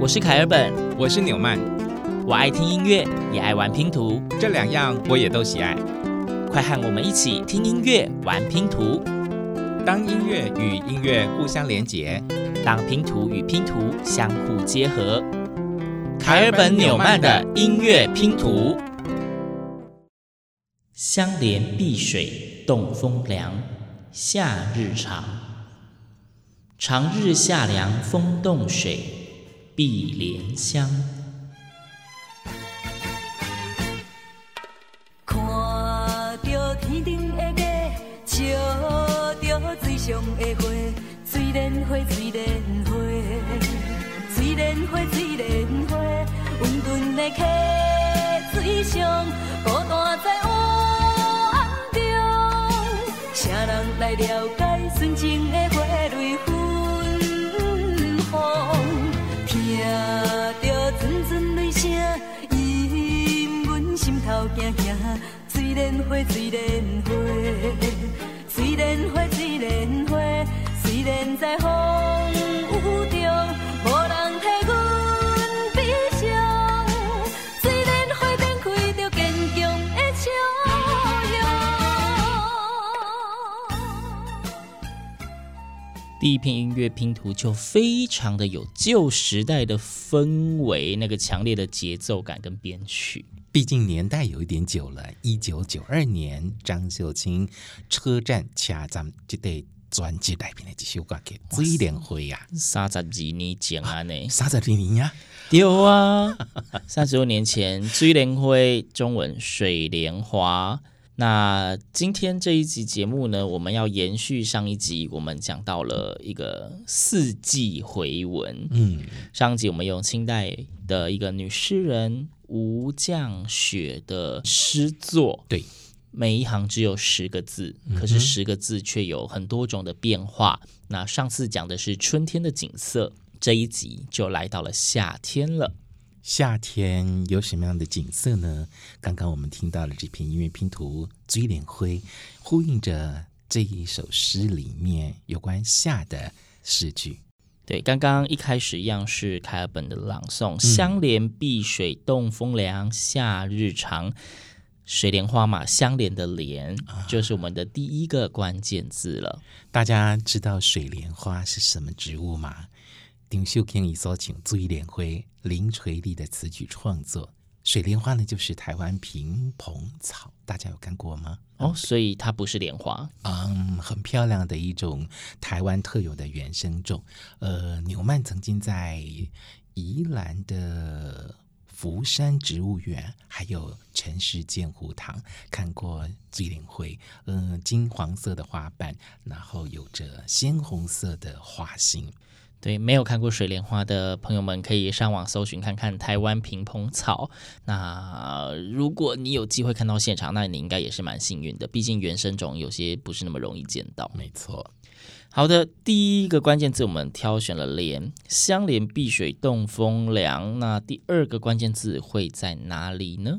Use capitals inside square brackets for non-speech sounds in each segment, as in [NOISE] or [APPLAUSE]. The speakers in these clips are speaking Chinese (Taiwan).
我是凱爾本，我是紐曼。我愛聽音樂，也愛玩拼圖，這兩樣我也都喜愛。快和我們一起聽音樂、玩拼圖。當音樂與音樂互相連接，當拼圖與拼圖相互結合，凱爾本紐曼的音樂拼圖。香蓮碧水動風涼，夏日長，長日夏涼風動水。碧蓮香，看着天頂的月，照着水上的花，水蓮花，水蓮花，水蓮花，水蓮花，溫存在溪水上，孤單在黑暗中，誰人來了解純情的花蕊？第一篇音樂拼圖就非常的有舊時代的氛圍，那個強烈的節奏感跟編曲。畢竟年代有一點久了，一九九二年，張秀卿車站卡站這，這對專輯代表那幾首歌給水蓮花呀，花啊、三十啊、哦，三十幾年多、啊啊、 [LAUGHS] 年前，水蓮花中文水蓮花。那今天這一集節目呢，我們要延續上一集，我們講到了一個四季迴文。嗯，上一集我們用清代的一個女詩人。吳絳雪的詩作，對，每一行只有十個字，嗯、哼可是十個字卻有很多種的變化。嗯、哼那上次講的是春天的景色，這一集就來到了夏天了。夏天有什麼樣的景色呢？剛剛我們聽到了這篇音樂拼圖《追連灰》，呼應着這一首詩裡面有關夏的詩句。對，剛剛一開始一樣是凱爾本的朗誦。嗯、香蓮碧水動風涼，夏日長，水蓮花嘛，香蓮的蓮、啊、就是我們的第一個關鍵字了。大家知道水蓮花是什麼植物嗎？丁秀清已作請注意蓮灰林垂立的詞曲創作。水蓮花呢，就是台灣萍蓬草，大家有看過嗎？Okay. 哦，所以它不是蓮花，嗯，um, 很漂亮的一種台灣特有的原生種。呃，紐曼曾經在宜蘭的福山植物園，還有城市建湖塘看過最蓮會，嗯、呃，金黃色的花瓣，然後有着鮮紅色的花心。對，沒有看過水蓮花的朋友們，可以上網搜尋看看台灣萍蓬草。那如果你有機會看到現場，那你應該也是蠻幸運的，畢竟原生種有些不是那麼容易見到。沒錯，好的，第一個關鍵字我們挑選了蓮，香蓮碧水動風涼。那第二個關鍵字會在哪裡呢？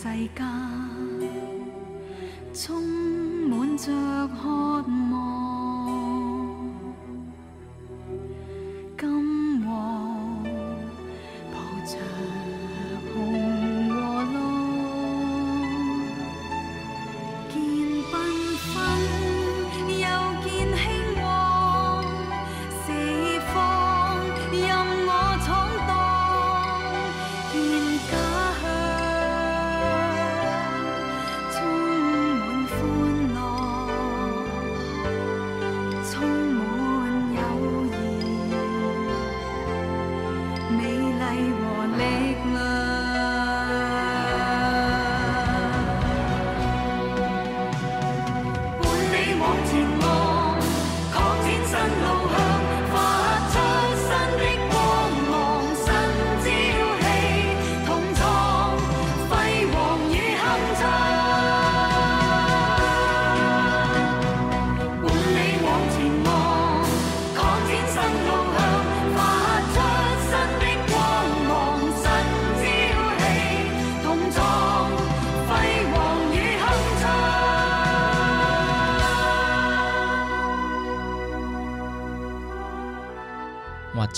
世界充滿着渴望。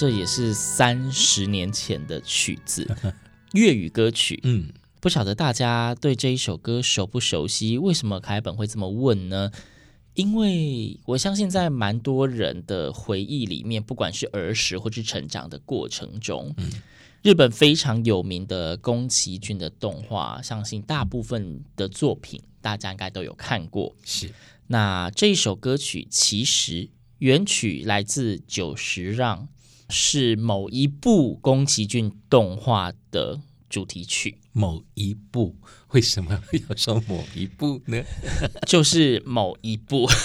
這也是三十年前的曲子， [LAUGHS] 粵語歌曲。嗯，不曉得大家對這一首歌熟不熟悉？為什麼凱本會這麼問呢？因為我相信，在蠻多人的回憶裡面，不管是兒時或是成長的過程中，嗯，日本非常有名的宮崎駿的動畫，相信大部分的作品大家應該都有看過。是。那這一首歌曲其實原曲來自久石讓。是某一部宮崎駿動畫的主題曲，某一部，為什麼要說某一部呢？ [LAUGHS] 就是某一部。 [LAUGHS]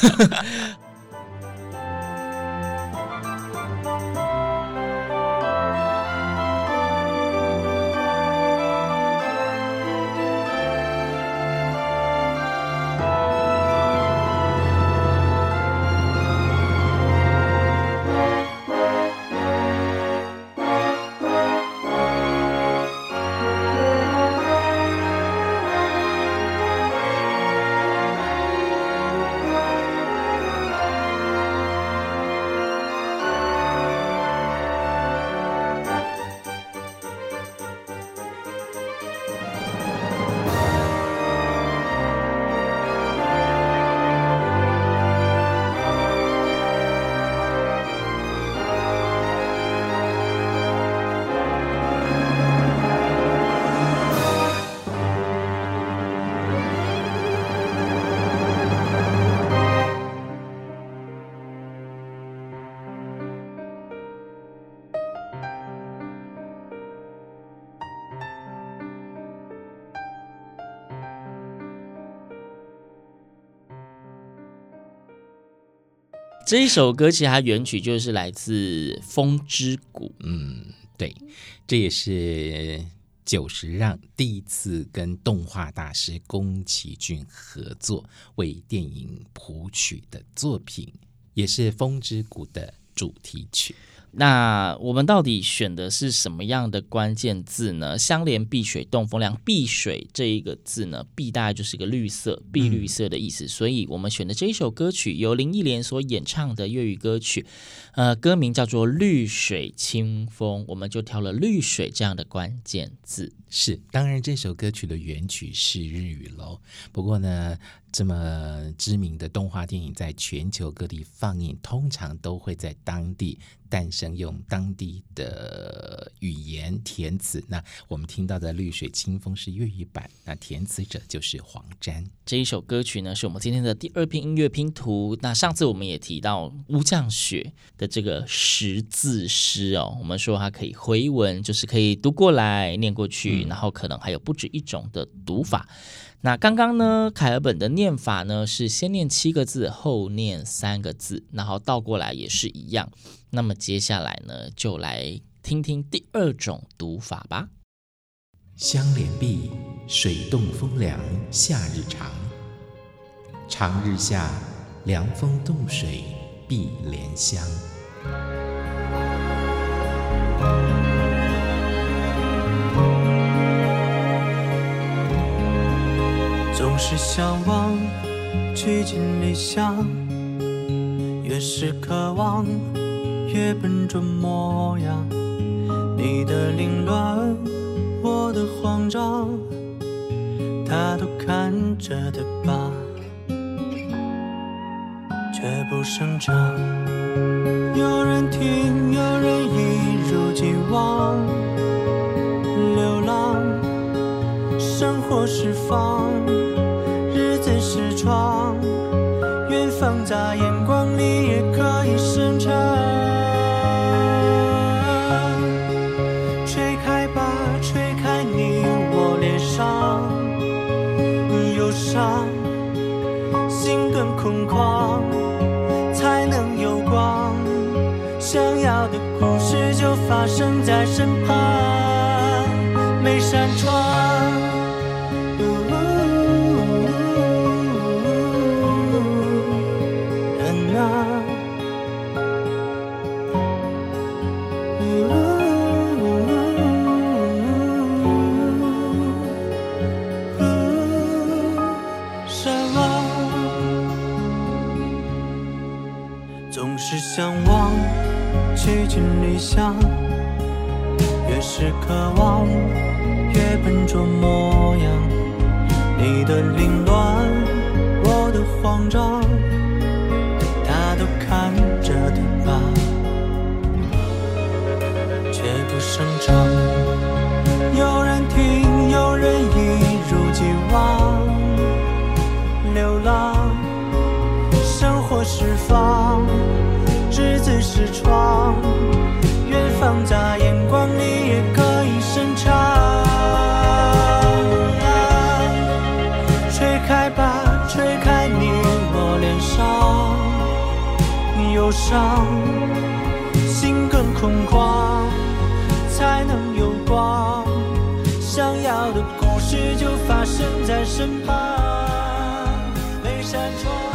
這一首歌，其實它原曲就是來自《風之谷》。嗯，對，這也是久石讓第一次跟動畫大師宮崎駿合作，為電影譜曲的作品，也是《風之谷》的主題曲。那我們到底選的是什麼樣的關鍵字呢？香蓮碧水動風涼。碧水這一個字呢，碧大概就是一個綠色、碧綠色的意思，嗯、所以我們選的這一首歌曲，由林憶蓮所演唱的粵語歌曲，呃，歌名叫做《綠水清風》，我們就挑了綠水這樣的關鍵字。是，當然，這首歌曲的原曲是日語嘍。不過呢，這麼知名的動畫電影在全球各地放映，通常都會在當地誕生，用當地的語言填詞。那我們聽到的《綠水清風》是粵語版，那填詞者就是黃霑。這一首歌曲呢，是我們今天的第二篇音樂拼圖。那上次我們也提到吳絳雪的這個十字詩哦，我們說它可以回文，就是可以讀過來念過去。嗯然後可能還有不止一種的讀法。那剛剛呢，凱爾本的念法呢是先念七個字，後念三個字，然後倒過來也是一樣。那麼接下來呢，就來聽聽第二種讀法吧。香蓮碧，水動風涼，夏日長，長日夏，涼風動水，碧蓮香。越是嚮往，趨近理想；越是渴望，越笨拙模樣。你的凌亂，我的慌張，他都看着的吧，卻不聲張。有人聽，有人一如既往流浪，生活釋放，放在眼光裡也可以生長，吹開吧，吹開你我臉上憂傷，心更空曠，才能有光。想要的故事就發生在身旁，每扇窗。越是渴望，越笨拙模樣。你的凌亂，我的慌張，他都看着的吧，卻不聲張。 [NOISE] 有人聽，有人一如既往流浪。生活是房，日子是窗。放大眼光，裡也可以伸長。吹開吧，吹開你我臉上你憂傷，心更空曠，才能有光。想要的故事就發生在身旁，每扇窗。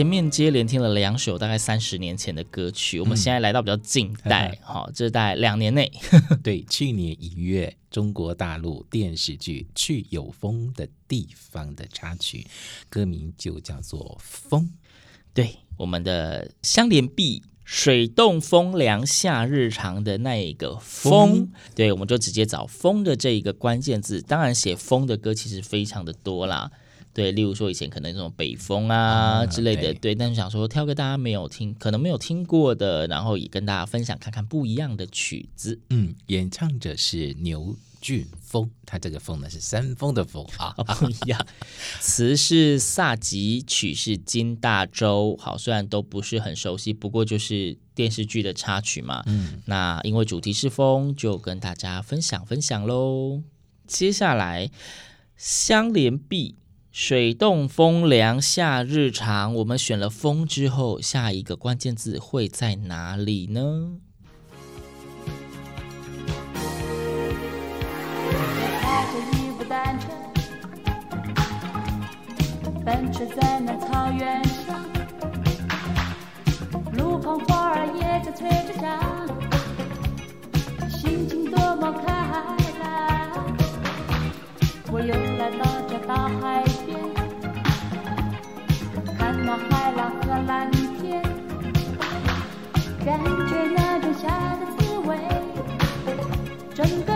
前面接連聽了兩首大概三十年前的歌曲，我們現在來到比較近代，哈、嗯，這、哦就是在兩年內。 [LAUGHS] 對，去年一月，中國大陸電視劇《去有風的地方》的插曲，歌名就叫做《風》。對，我們的“香蓮碧水，動風涼，夏日長”的那一個風，風，對，我們就直接找“風”的這一個關鍵字。當然，寫風的歌其實非常的多啦。對，例如說以前可能那種北風啊之類的，啊、對。但是想說挑個大家沒有聽，可能沒有聽過的，然後也跟大家分享看看不一樣的曲子。嗯，演唱者是牛俊峰，他這個風“峰”呢是山峰的峰啊，不一樣。詞是薩吉，曲是金大洲。好，雖然都不是很熟悉，不過就是電視劇的插曲嘛。嗯，那因為主題是風，就跟大家分享分享嘍。接下來香蓮碧水動風涼夏日長，我們選了風之後，下一個關鍵字會在哪裡呢？我又來到這大海邊，看那海浪和藍天，感覺那種夏的滋味真。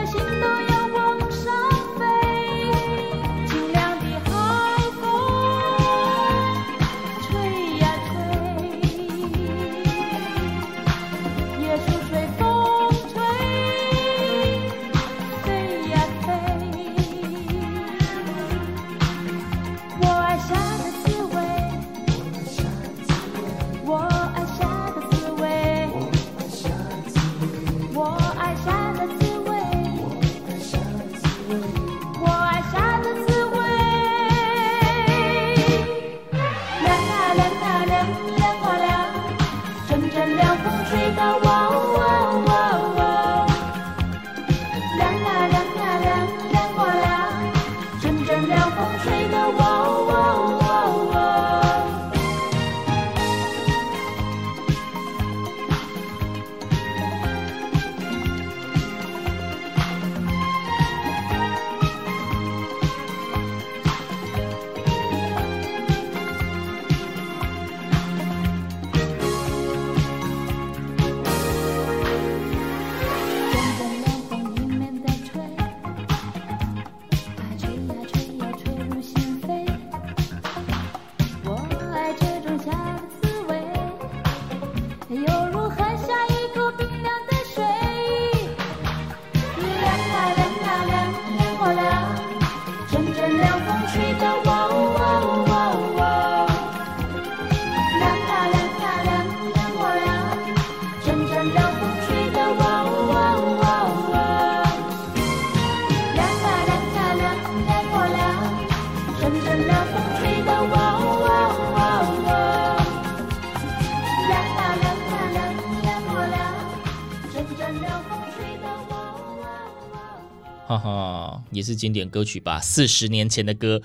是經典歌曲吧？四十年前的歌，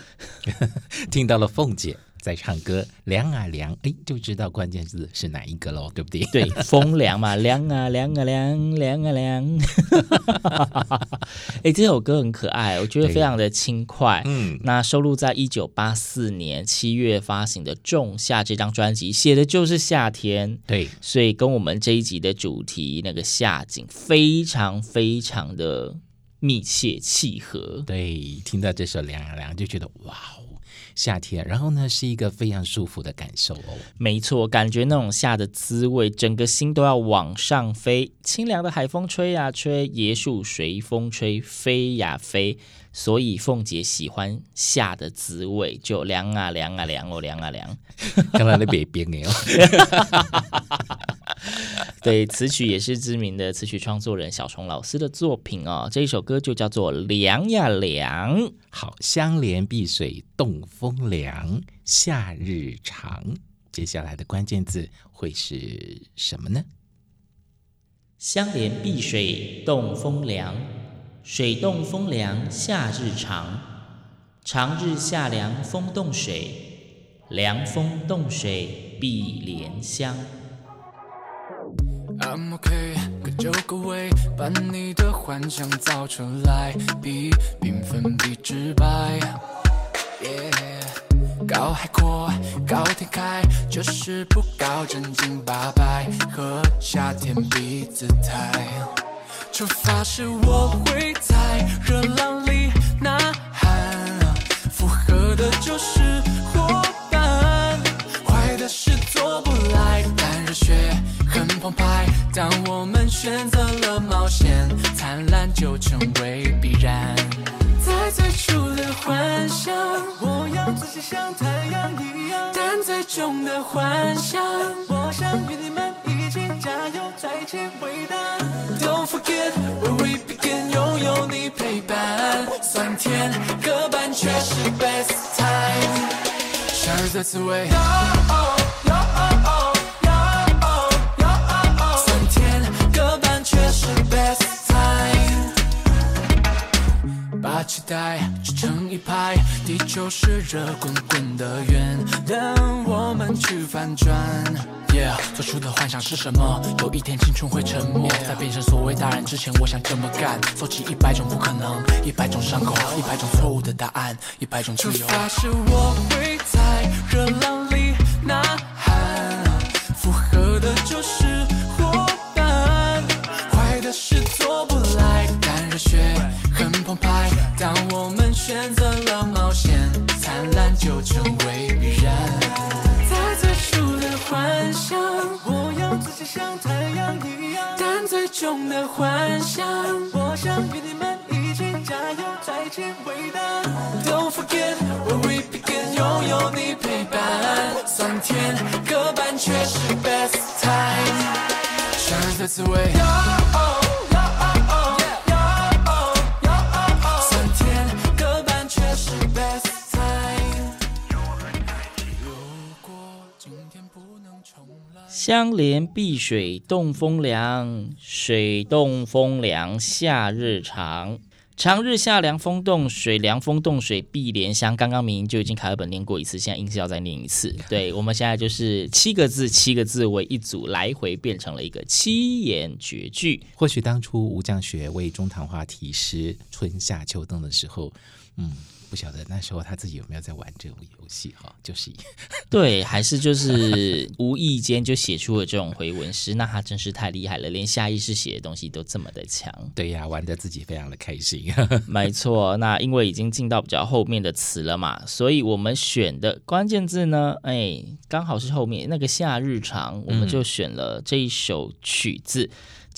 [LAUGHS] 聽到了鳳姐在唱歌，涼啊涼，哎，就知道關鍵字是哪一個嘍，對不對？對，風涼嘛，涼 [LAUGHS] 啊涼啊涼，涼啊涼。哎、 [LAUGHS] 欸，這首歌很可愛，我覺得非常的輕快。嗯對，那收錄在一九八四年七月發行的《仲夏》這張專輯，寫的就是夏天。對，所以跟我們這一集的主題那個夏景非常非常的。密切契合，對，聽到這首涼啊涼，就覺得哇哦，夏天，然後呢是一個非常舒服的感受哦，沒錯，感覺那種夏的滋味，整個心都要往上飛，清涼的海風吹呀吹，椰樹隨風吹飛呀飛，所以鳳姐喜歡夏的滋味，就涼啊涼啊涼啊涼哦，涼啊涼，剛才你變冰的了。 [LAUGHS] 對，詞曲也是知名的詞曲創作人小蟲老師的作品哦。這一首歌就叫做《涼呀涼》，好，香蓮碧水動風涼，夏日長。接下來的關鍵字會是什麼呢？香蓮碧水動風涼，水動風涼夏日長，長日夏涼風動水，涼風動水碧蓮香。就各位，把你的幻想造出來，比繽紛比直白，yeah。搞海闊，搞天開，就是不搞正經八百和夏天比姿態。出發時我會在熱浪裡吶喊，附和的就是夥伴，壞的是做不來，但熱血。澎湃，當我們選擇了冒險，燦爛就成為必然。在最初的幻想，我要自己像太陽一樣。但最終的幻想，我想與你們一起加油，再一起偉大。Don't forget when we begin，擁有你陪伴，酸甜各半卻是 best time。夏日的滋味。Yo, oh, yo. 期待只成一排，地球是熱滾滾的圓，等我們去翻轉。Yeah，最初的幻想是什麼？有一天青春會沉沒，yeah, 在變成所謂大人之前，我想這麼幹，做起一百種不可能，一百種傷口，一百種錯誤的答案，一百種自由。發誓我會在熱浪裡吶喊，符合的就是。選擇了冒險，燦爛就成為必然。在最初的幻想，我要自己像太陽一樣。但最終的幻想，我想與你們一起加油，一起偉大。Don't forget，when we begin，擁有你陪伴，酸甜各半卻是 best time。生日的滋味。Yo, oh, 香蓮碧水動風涼，水動風涼夏日長。長日夏涼風動水，涼風動水碧蓮香。剛剛明明就已經開了本念過一次，現在硬是要再念一次。對，我們現在就是七個字，七個字為一組，來回變成了一個七言絕句。或許當初吳絳雪為中堂畫題詩春夏秋冬的時候，嗯。不曉得那時候他自己有沒有在玩這種遊戲哈，就是對，還是就是無意間就寫出了這種回文詩， [LAUGHS] 那他真是太厲害了，連下意識寫的東西都這麼的強。對呀、啊，玩得自己非常的開心。 [LAUGHS] 沒錯，那因為已經進到比較後面的詞了嘛，所以我們選的關鍵字呢，哎，剛好是後面那個“夏日長”，我們就選了這一首曲子。嗯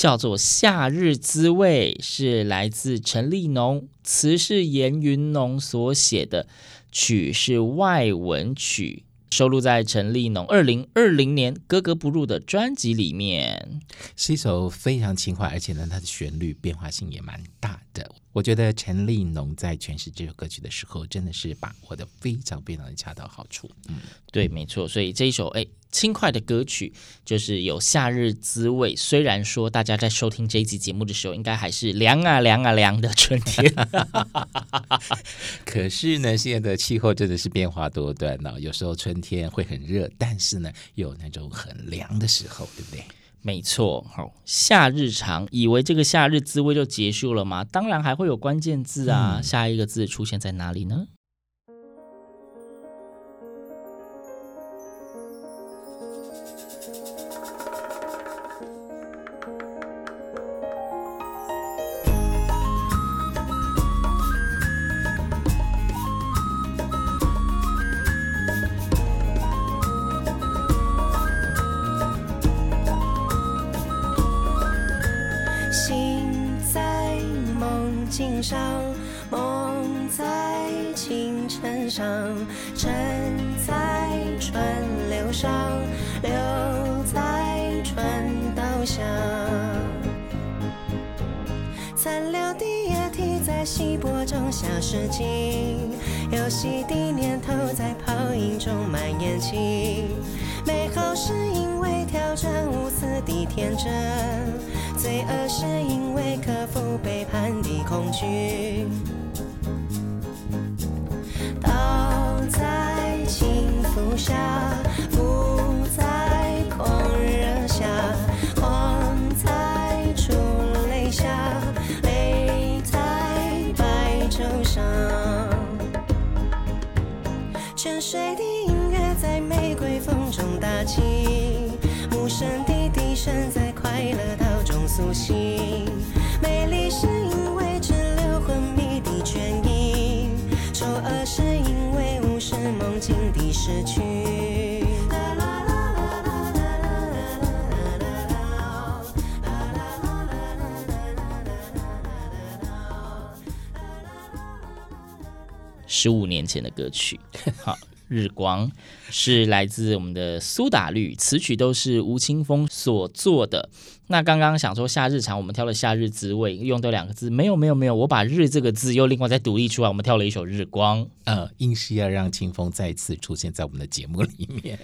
叫做《夏日滋味》，是來自陳立農，詞是嚴雲農所寫的，曲是外文曲，收錄在陳立農二零二零年《格格不入》的專輯裡面。是一首非常輕快，而且呢，它的旋律變化性也蠻大的。我覺得陳立農在詮釋這首歌曲的時候，真的是把握得非常非常的恰到好處。嗯、對，沒錯。所以這一首，誒。輕快的歌曲就是有夏日滋味。雖然說大家在收聽這一集節目的時候，應該還是涼啊涼啊涼的春天， [LAUGHS] 可是呢，現在的氣候真的是變化多端呢。有時候春天會很熱，但是呢，有那種很涼的時候，對不對？沒錯，夏日長，以為這個夏日滋味就結束了嗎？當然還會有關鍵字啊，嗯、下一個字出現在哪裡呢？細波中，小世界；遊戲的念頭在泡影中蔓延起。美好是因為挑戰無私的天真，罪惡是因為克服背叛的恐懼。倒在幸福下。在為十五年前的歌曲，好。日光是來自我們的蘇打綠，詞曲都是吳青峰所做的。那剛剛想說夏日長，我們挑了夏日滋味，用對兩個字，沒有沒有沒有，我把日這個字又另外再獨立出來，我們挑了一首日光，呃，硬是要讓青峰再次出現在我們的節目裡面。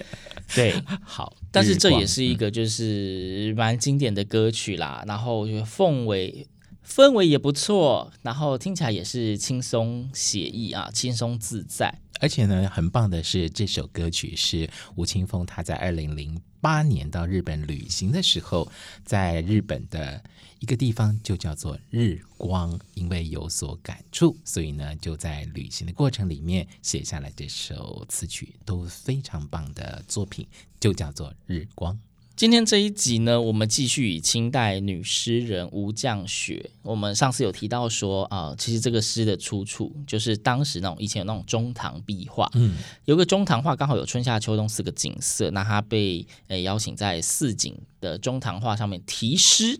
對，好，日光，但是這也是一個就是蠻經典的歌曲啦，嗯、然後就氛圍氛圍也不錯，然後聽起來也是輕鬆寫意啊，輕鬆自在。而且呢，很棒的是，這首歌曲是吳青峰他在二零零八年到日本旅行的時候，在日本的一個地方就叫做日光，因為有所感觸，所以呢就在旅行的過程裡面寫下了這首詞曲，都非常棒的作品，就叫做《日光》。今天這一集呢，我們繼續以清代女詩人吳絳雪。我們上次有提到說啊、呃，其實這個詩的出處就是當時那種以前有那種中堂壁畫，嗯，有個中堂畫剛好有春夏秋冬四個景色，那她被呃、欸、邀請在四景的中堂畫上面題詩。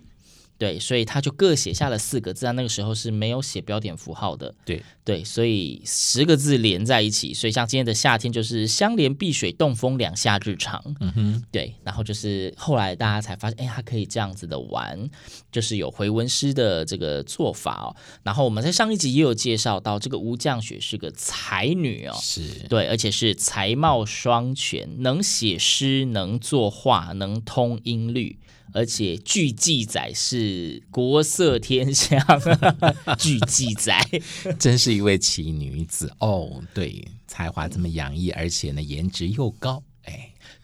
對，所以他就各寫下了四個字，但那個時候是沒有寫標點符號的。對對，所以十個字連在一起，所以像今天的夏天就是香蓮碧水動風涼夏日長。嗯哼，對，然後就是後來大家才發現，哎，他可以這樣子的玩，就是有回文詩的這個做法哦。然後我們在上一集也有介紹到，這個吳絳雪是個才女哦，是對，而且是才貌雙全，能寫詩，能作畫，能通音律，而且據記載是。是國色天香，據記載， [LAUGHS] 真是一位奇女子哦。對，才華這麼洋溢，而且呢，顏值又高。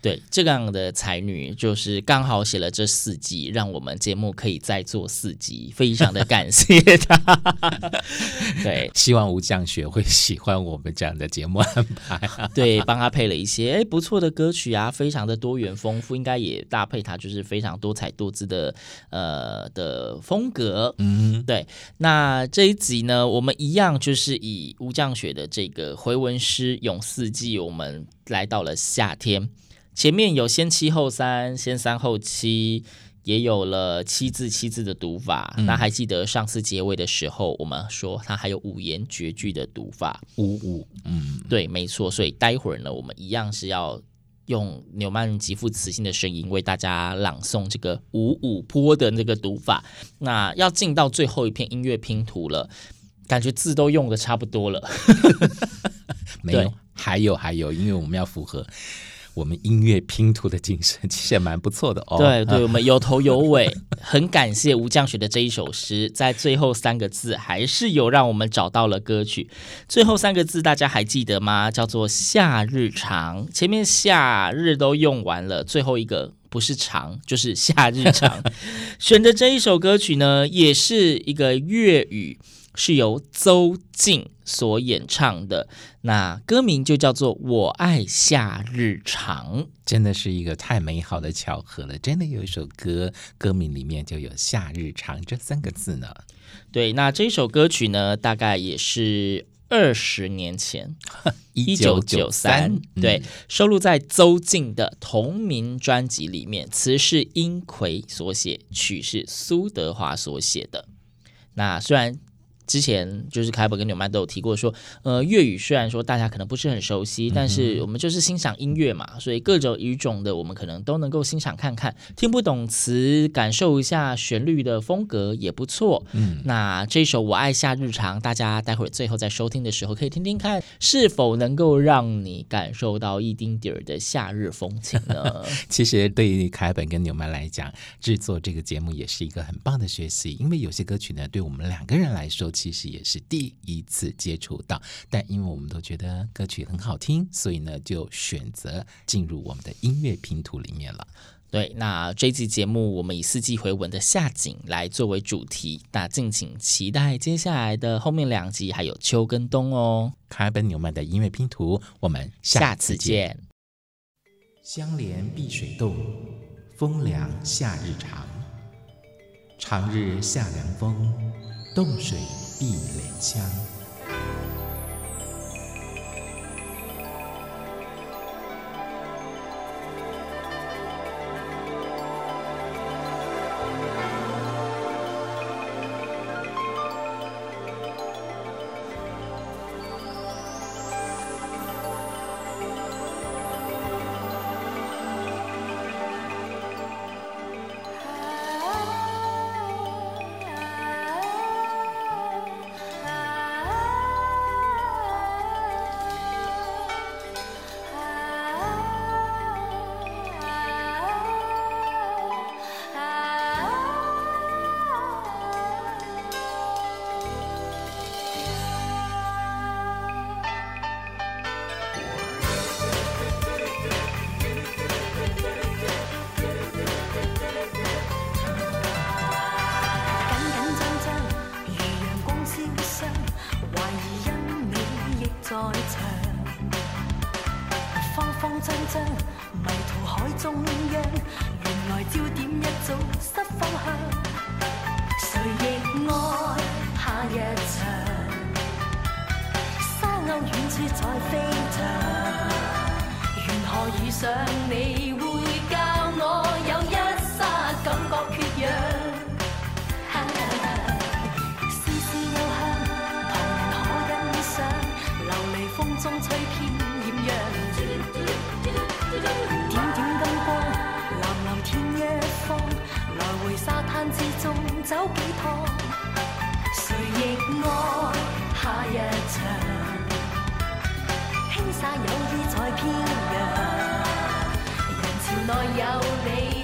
對這樣的才女，就是剛好寫了這四季，讓我們節目可以再做四集，非常的感謝她。 [LAUGHS] 對，希望吳絳雪會喜歡我們這樣的節目安排。 [LAUGHS] 對，幫她配了一些哎不錯的歌曲啊，非常的多元豐富，應該也搭配她就是非常多彩多姿的呃的風格。嗯，對。那這一集呢，我們一樣就是以吳絳雪的這個回文詩詠四季，我們來到了夏天。前面有先七後三，先三後七，也有了七字七字的讀法。那、嗯、還記得上次結尾的時候，我們說它還有五言絕句的讀法五五。嗯，對，沒錯。所以待會兒呢，我們一樣是要用紐曼極富磁性的聲音為大家朗誦這個五五波的那個讀法。那要進到最後一篇音樂拼圖了，感覺字都用得差不多了。 [LAUGHS] 沒有，還有還有，因為我們要符合。我們音樂拼圖的精神其實也蠻不錯的哦。對，對，對我們有頭有尾， [LAUGHS] 很感謝吳江雪的這一首詩，在最後三個字還是有讓我們找到了歌曲。最後三個字大家還記得嗎？叫做“夏日長”。前面“夏日”都用完了，最後一個不是“長”，就是“夏日長”。 [LAUGHS] 選的這一首歌曲呢，也是一個粵語。是由鄒靜所演唱的，那歌名，就叫做《我愛夏日長》，真的是一個太美好的巧合了！真的有一首歌，歌名裡面就有“夏日長”這三個字呢。對，那這首歌曲呢，大概也是二十年前，一九九三，對，收錄在鄒靜的同名專輯裡面，詞是殷奎所寫，曲是蘇德華所寫的。那雖然。之前就是凱本跟紐曼都有提過說，呃，粵語雖然說大家可能不是很熟悉，嗯哼，但是我們就是欣賞音樂嘛，所以各種語種的我們可能都能夠欣賞看看，聽不懂詞，感受一下旋律的風格也不錯。嗯，那這首《我愛夏日長》，大家待會兒最後在收聽的時候可以聽聽看，是否能夠讓你感受到一丁點兒的夏日風情呢？其實對於凱本跟紐曼來講，製作這個節目也是一個很棒的學習，因為有些歌曲呢，對我們兩個人來說。其實也是第一次接觸到，但因為我們都覺得歌曲很好聽，所以呢就選擇進入我們的音樂拼圖裡面了。對，那這一集節目我們以四季回文的夏景來作為主題，那敬請期待接下來的後面兩集還有秋跟冬哦。卡本紐曼的音樂拼圖，我們下次見。次見香蓮碧水動，風涼夏日長，長日夏涼風，動水。碧蓮香。有幾趟，誰亦愛下一場，輕紗有意在飄揚。人潮內有你。嗯嗯